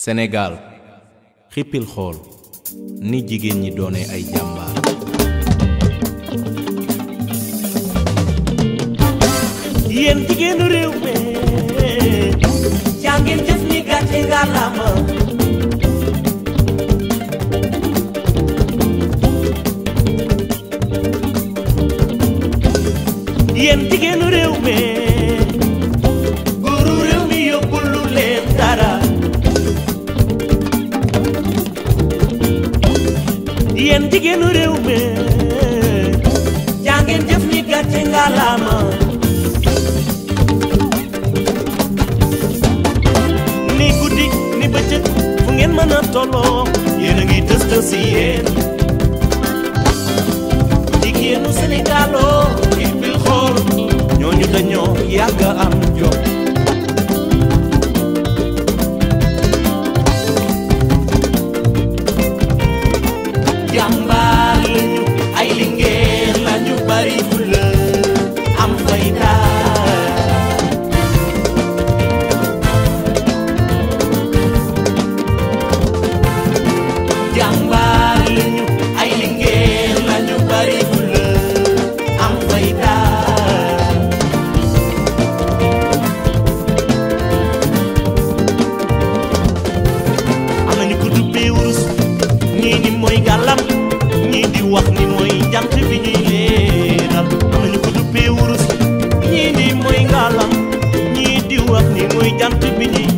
senegaal xippil xool ni jigéen ñi doone ay jàmbaar yéen jigéenu mi jàngeen jëf dien jigéenu réew mi jaa ngeen jëf ni gàcce ngalaama ni gudi ni bëccëg fu ngeen mën a tolloo yéen ngi tës si yen jigéenu Sénégal oo ibil xool ñooñu dañoo yàgg am gigantic mini